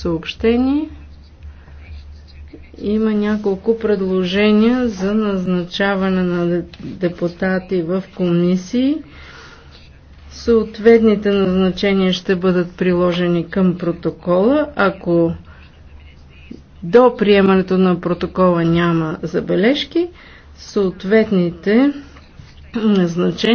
съобщени. Има няколко предложения за назначаване на депутати в комисии. Съответните назначения ще бъдат приложени към протокола. Ако до приемането на протокола няма забележки, съответните назначения